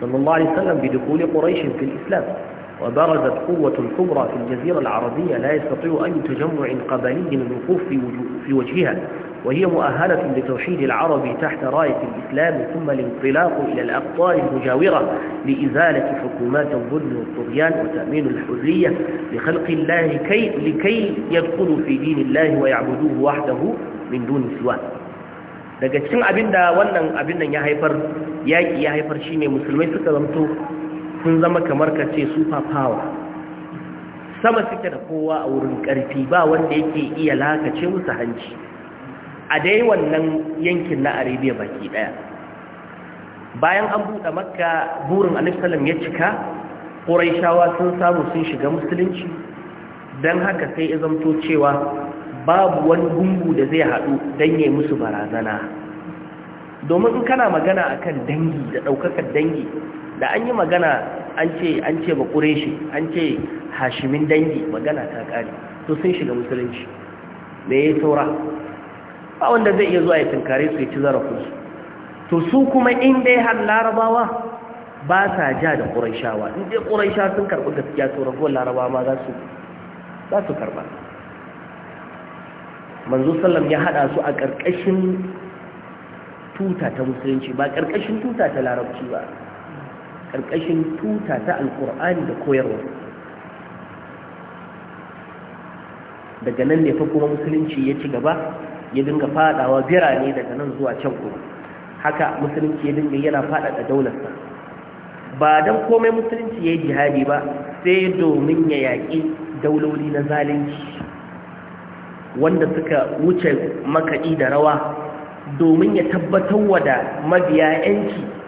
sallallahu alaihi wasallam bi وسلم بدخول fi al-islam وبرزت قوة كبرى في الجزيرة العربية لا يستطيع أي تجمع قبلي الوقوف في, في وجهها وهي مؤهلة لتوحيد العرب تحت راية الإسلام ثم الانطلاق إلى الأقطار المجاورة لإزالة حكومات الظلم والطغيان وتأمين الحرية لخلق الله كي لكي يدخلوا في دين الله ويعبدوه وحده من دون سواه daga cikin abinda wannan abin nan ya haifar ya haifar musulmai suka zamto sun zama kamar ka ce super power sama suke da kowa a wurin ƙarfi ba wanda yake iya lakace musu hanci a dai wannan yankin na arabiya baki ɗaya bayan an buɗe makka burin alisalam ya cika ƙuraishawa sun samu sun shiga musulunci don haka sai ya zamto cewa babu wani gungu da zai haɗu don ya musu barazana domin in kana magana akan dangi da ɗaukakar dangi da an yi magana an ce an ce ba ƙureshi an ce hashimin dangi magana ta ƙare to sun shiga musulunci me ya saura ba wanda zai iya zuwa ya tunkare su ya ci zarafinsu to su kuma in dai har larabawa ba sa ja da ƙuraishawa in dai ƙuraisha sun karɓi gaskiya to ragowar larabawa ma za su za su karɓa manzo sallam ya haɗa su a ƙarƙashin tuta ta musulunci ba ƙarƙashin tuta ta larabci ba ƙarƙashin tuta ta alƙur'ani da koyarwa daga nan ne fa kuma musulunci ya ci gaba ya dinga fadawa birane daga nan zuwa can kuma haka musulunci ya dinga yana faɗaɗa daularsa ba don komai musulunci ya yi jihadi ba sai domin ya yaƙi dauloli na zalunci wanda suka wuce makaɗi da rawa domin ya tabbatar wa da mabiya 'yanci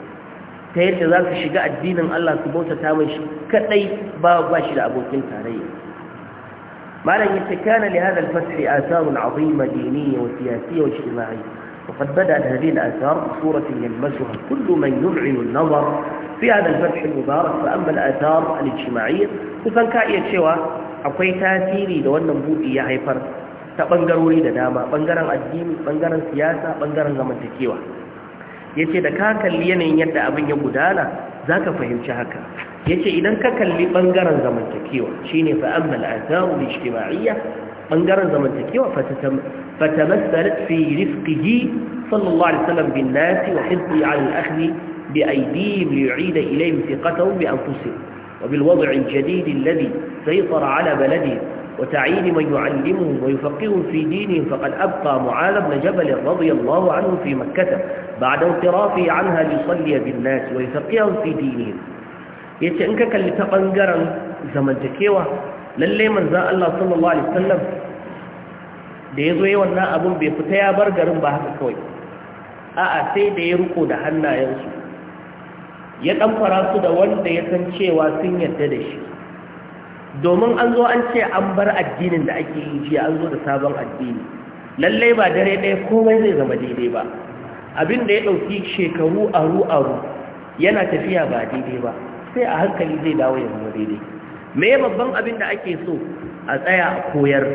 ta yadda za su shiga addinin Allah su bautata mai shi kadai ba ba shi da abokin tarayya malam yace kana li hadha al-fath athar azima diniyya wa siyasiyya wa ijtima'iyya وقد بدأت هذه الآثار بصورة يلمسها كل من يمعن النظر في هذا الفتح المبارك فأما الآثار الاجتماعية kusan ka iya cewa akwai tasiri da wannan buɗi ya haifar ta ɓangarori da dama ɓangaren addini ɓangaren siyasa ɓangaren zamantakewa ya ce da ka kalli yanayin yadda abin ya gudana za ka fahimci haka ya ce idan ka kalli ɓangaren zamantakewa shi ne fa'ammal a za'ul ishtima'iyya ɓangaren zamantakewa fatamassalat fi rifqihi sallallahu alaihi wasallam bin nasi wa hizbi ala bi aydihim li yu'ida ilayhim thiqatahum وبالوضع الجديد الذي سيطر على بلده وتعيين من يعلمهم ويفقهم في دينهم فقد أبقى معاذ بن جبل رضي الله عنه في مكة بعد انصرافه عنها ليصلي بالناس ويفقهم في دينهم يتأنكك لتقنقرا زمن تكيوة للي من ذا الله صلى الله عليه وسلم ديزوي والنائب بفتيا برقر بها كوي أأسي ديركو دهنا ينسو ya ɗan su da wanda ya san cewa sun yarda da shi domin an zo an ce an bar addinin da ake yi jiya an zo da sabon addini lallai ba dare ɗaya komai zai zama daidai ba abin da ya ɗauki shekaru aru-aru yana tafiya ba daidai ba sai a hankali zai dawo ya zama daidai me babban abin da ake so a tsaya a koyar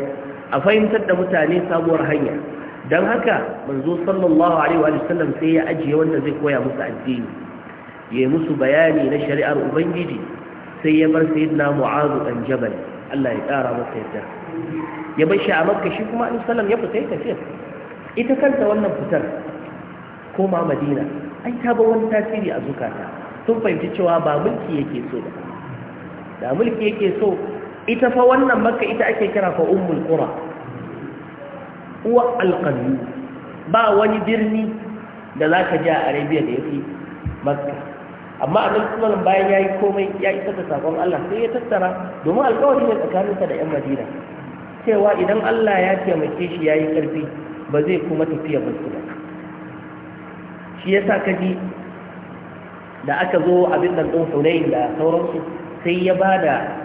a fahimtar da mutane sabuwar hanya don haka manzo sallallahu alaihi wa sallam sai ya ajiye wanda zai koya musu addini ya musu bayani na shari'ar ubangiji sai ya bar sayyidina mu'azu dan jabal Allah ya ƙara masa yadda ya bar shi a makka shi kuma annabi sallam ya fita ya tafi ita kanta wannan fitar koma madina ai ta ba wani tasiri a zukata sun fahimci cewa ba mulki yake so ba da mulki yake so ita fa wannan makka ita ake kira fa ummul qura uwa alqalbi ba wani birni da zaka ji a arabiya da yafi makka amma a nan bayan ya yi komai ya isa da sakon Allah sai ya tattara domin alkawari ne tsakaninsa da 'yan madina cewa idan Allah ya taimake shi ya yi ƙarfi ba zai kuma tafiya ba su ba shi ya sa kaji da aka zo abin nan ɗin hunayin da sauransu sai ya ba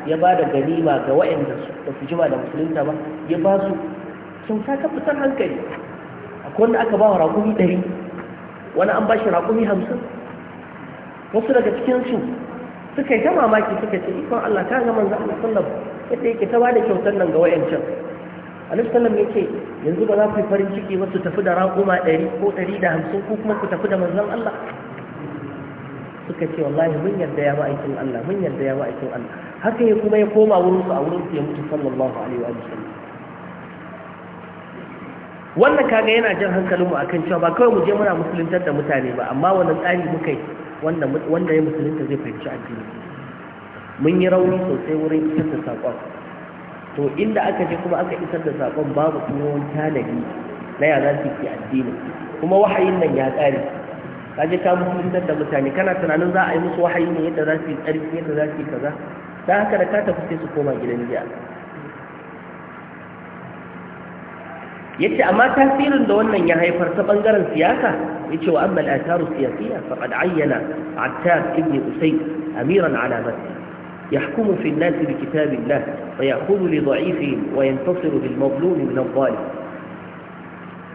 ya ganima ga waɗanda ba su jima da musulunta ba ya ba su sa ka fitar hankali akwai wanda aka ba wa raƙumi ɗari wani an ba shi raƙumi hamsin wasu daga cikin su suka yi ta mamaki suka ce ikon Allah ka ga manzo Allah sallam yadda yake ta bada kyautar nan ga wayancan Alif sallam yake yanzu ba za ku yi farin ciki ba su tafi da raƙuma ɗari ko ɗari da hamsin ko kuma ku tafi da manzon Allah suka ce wallahi mun yarda ya ma'aikin Allah mun yarda ya ma'aikin Allah haka ya kuma ya koma wurin su a wurin su ya mutu sallallahu alaihi wa sallam wannan kaga yana jan hankalinmu akan cewa ba kawai mu je muna musuluntar da mutane ba amma wannan tsari muka yi wanda ya musulunta zai fahimci addini mun yi rauni sosai wurin isar da saƙon to inda aka je kuma aka isar da saƙon babu kuma wani tanadi na ya za su yi addini kuma wahayin nan ya tsare ka je ka da mutane kana tunanin za a yi musu wahayi ne yadda za su yi tsarki yadda za su yi kaza da haka da ka tafi sai su koma gidan jiya yace amma tasirin da wannan ya haifar ta bangaren siyasa yace wa amma al-atharu siyasiyya faqad ayyana attab ibn usayd amiran ala masjid يحكم في الناس بكتاب الله ويأخذ لضعيفهم وينتصر بالمظلوم من الظالم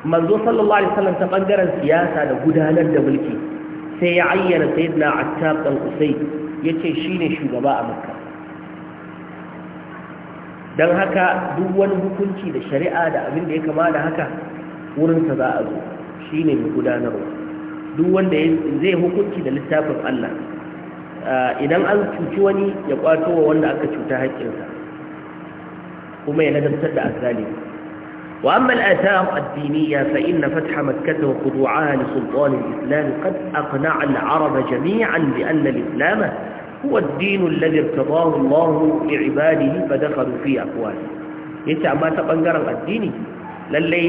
منذ صلى الله عليه وسلم تقدر السياسة لقدانا لملكي سيعين سيدنا عتاب القسيد يتشين شباباء مكة don haka duk wani hukunci da shari'a da abin da ya kama da haka wurinsa za a zo shi ne mai gudanarwa duk wanda zai hukunci da littafin Allah idan an cuci wani ya kwato wa wanda aka cuta haƙƙinsa kuma ya nadamtar da azali wa amma azalimi وأما الآثار الدينية فإن فتح مكة وخضوعها لسلطان الإسلام قد أقنع العرب جميعا بأن الإسلام huwa ad-dinu alladhi irtadahu Allah li 'ibadihi fadakhalu a aqwali yace amma ta bangaren addini Lallai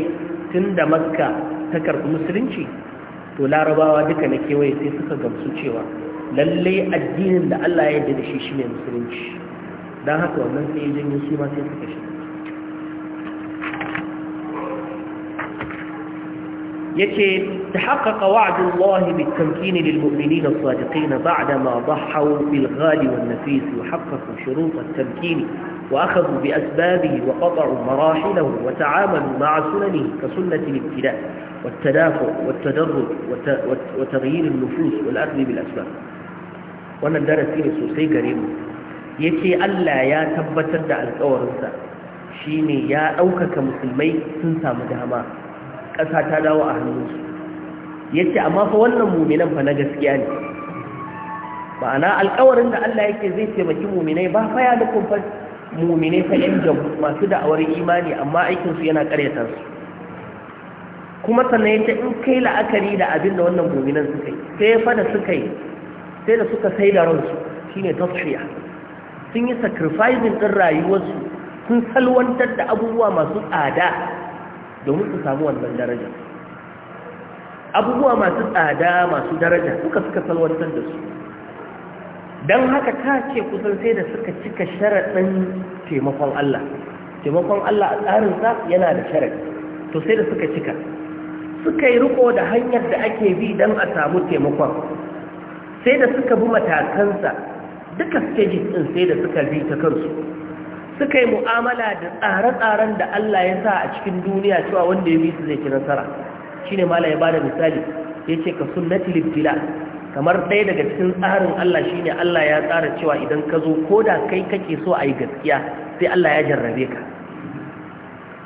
tunda Makka ta karbi musulunci to larabawa duka na kewaye sai suka gamsu cewa lallai addinin da Allah ya yi da shi shine musulunci dan haka wannan sai ya janyo su ma sai suka shiga يكي تحقق وعد الله بالتمكين للمؤمنين الصادقين بعدما ضحوا بالغالي والنفيس وحققوا شروط التمكين وأخذوا بأسبابه وقطعوا مراحله وتعاملوا مع سننه كسنة الابتلاء والتدافع والتدرج وتغيير النفوس والأخذ بالأسباب وأنا darasi ne سوسي gare يكي ألا يا Allah ya tabbatar da alkawarinsa shi ne ya ƙasa ta dawo a hannunsu ce, amma fa wannan mu'minan fa na gaskiya ne ma'ana alkawarin da Allah yake zai taimaki mu'minai ba fa ya nufin fa mu'minai fa yan jam masu da'awar imani amma aikin su yana ƙaryata su kuma sannan yace in kai la'akari da abin da wannan mu'minan suka yi sai fa da suka yi sai da suka sai da ransu shine tafiya sun yi sacrificing din rayuwarsu sun salwantar da abubuwa masu tsada domin su samu wannan daraja abubuwa masu tsada masu daraja suka suka salwantar da su don haka ta ce kusan sai da suka cika sharaɗin taimakon Allah taimakon Allah a tsarin tsarinsa yana da sharaɗi to sai da suka cika suka yi riko da hanyar da ake bi don a samu taimakon sai da suka bi matakansa duka stages ɗin sai da suka bi ta kansu suka yi mu'amala da tsare-tsaren da Allah ya sa a cikin duniya cewa wanda ya bi su zai ci nasara Shi ne mala ya bada misali ya ce ka sunnati libtila kamar ɗaya daga cikin tsarin Allah shi ne Allah ya tsara cewa idan ka zo ko da kai kake so a yi gaskiya sai Allah ya jarrabe ka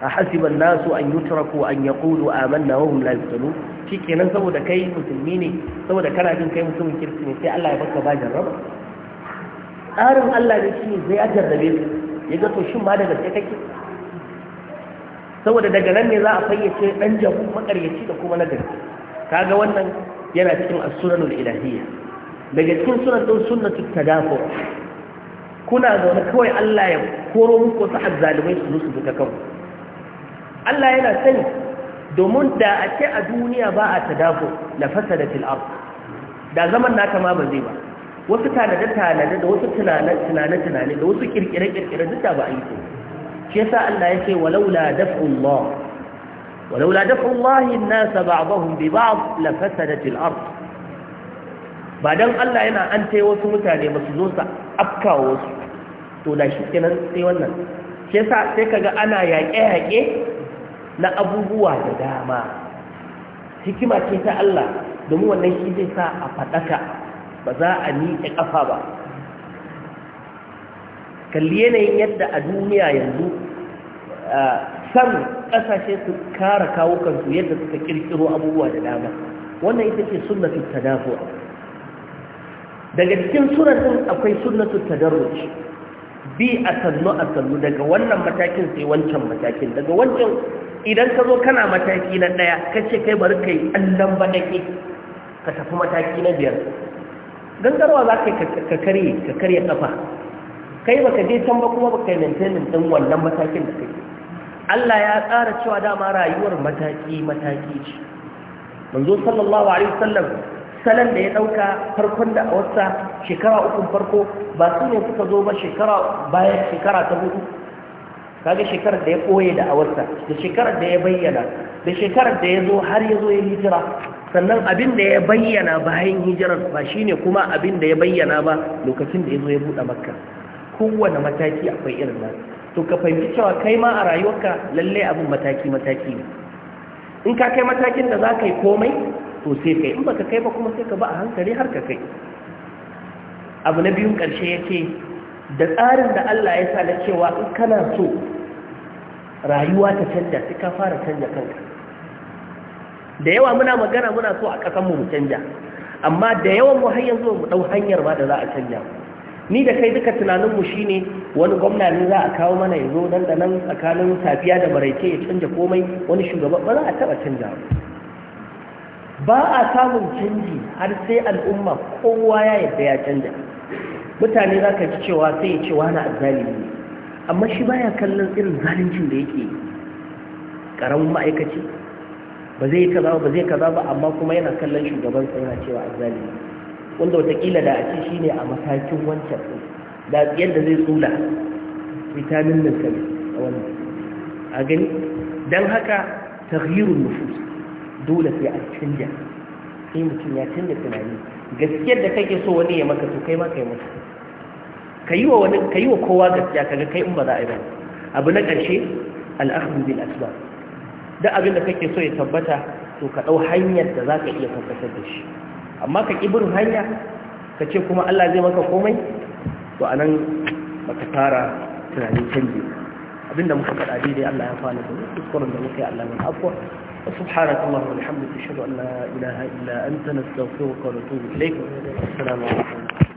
a hasiban nasu an yi turaku an ya a man na wahun la shi kenan saboda kai musulmi ne saboda kana jin kai musulmin kirki ne sai Allah ya baka ba jarraba tsarin Allah ne shine zai a jarrabe ka ya ga to shin ma da gaske kake saboda daga nan ne za a fayyace dan jabu makaryaci da kuma nagari kaga wannan yana cikin as-sunanul ilahiyya daga cikin sunan din sunnatul tadafu kuna zaune kawai Allah ya koro muku su azzalimai su su fita kanku Allah yana sani domin da a ce a duniya ba a tadafu la fasadatil ard da zaman naka ma ba zai ba wasu tanade-tanade da wasu tunane-tunane da wasu kirkire-kirkire duk da ba a yi su shi yasa Allah ya ce walaula daf'ullah walaula daf'ullah an-nas ba'dahum bi ba'd la fasadat al-ard ba don Allah yana an tai wasu mutane ba su zo su afka wasu to da shi kenan sai wannan shi yasa sai kaga ana yaƙe-yaƙe na abubuwa da dama hikima ce ta Allah domin wannan shi zai sa a faɗaka. ba za a miƙe ƙafa ba kalli yanayin yadda a duniya yanzu san ƙasashe su kara kawo kansu yadda suka ƙirƙiro abubuwa da dama wannan ita ce sunnatun dafuwa. daga cikin sunatun akwai sunnatun tadarruci bi a sannu a sannu daga wannan matakin sai wancan matakin daga wancan idan ka zo kana mataki na ɗaya ka ce kai bari kai allon ɗake ka tafi mataki na biyar gangarwa za ka karye ka karye kafa kai baka je can ba kuma baka yi maintenance din wannan matakin da kake Allah ya tsara cewa dama rayuwar mataki mataki ce manzo sallallahu alaihi wasallam salon da ya dauka farkon da wasa shekara uku farko ba su ne suka zo ba shekara bayan shekara ta hudu kaga shekarar da ya koye da awarsa da shekarar da ya bayyana da shekarar da ya zo har ya zo ya hijira sannan abin da ya bayyana bayan hijirar ba shine kuma abin da ya bayyana ba lokacin da ya zo ya buɗe makka kowane mataki akwai irin nan to ka fahimci cewa kai ma a rayuwarka lalle abin mataki mataki ne in ka kai matakin da za ka yi komai to sai kai in baka kai ba kuma sai ka ba a hankali har ka kai abu na biyun ƙarshe ya ce da tsarin da Allah ya sa da cewa in kana so rayuwa ta canja sai ka fara canja kanka da yawa muna magana muna so a ƙasan mu canja amma da yawan mu har yanzu mu ɗau hanyar ma da za a canja ni da kai duka tunanin mu shine wani gwamna ne za a kawo mana zo nan da nan tsakanin safiya da maraice ya canja komai wani shugaba ba za a taba canja ba a samun canji har sai al'umma kowa ya yadda ya canja mutane za ka ji cewa sai ya ce wani azzalimi amma shi baya kallon irin zaluncin da yake karamin ma'aikaci ba zai kaza ba zai kaza ba amma kuma yana kallon shugaban sa yana cewa azzalimi wanda watakila da a ce shine a matakin wancan da yadda zai tsula vitamin din kai a wannan a gani dan haka taghyirun nufus dole sai a canja sai mutum ya canja tunani gaskiyar da kake so wani ya maka to kai ma kai maka kayi wa wani kayi wa kowa gaskiya kaga kai in ba za a yi ba abu na ƙarshe al-akhdhu bil asbab duk abin da kake so ya tabbata to ka ɗau hanyar da za ka iya tabbatar da shi amma ka ƙi bin hanya ka ce kuma Allah zai maka komai to a nan baka fara tunanin canji da muka faɗa daidai Allah ya fara da kuskuren da muka yi Allah mai afuwa سبحانك اللهم وبحمدك an ان لا اله الا انت نستغفرك ونتوب اليك والسلام عليكم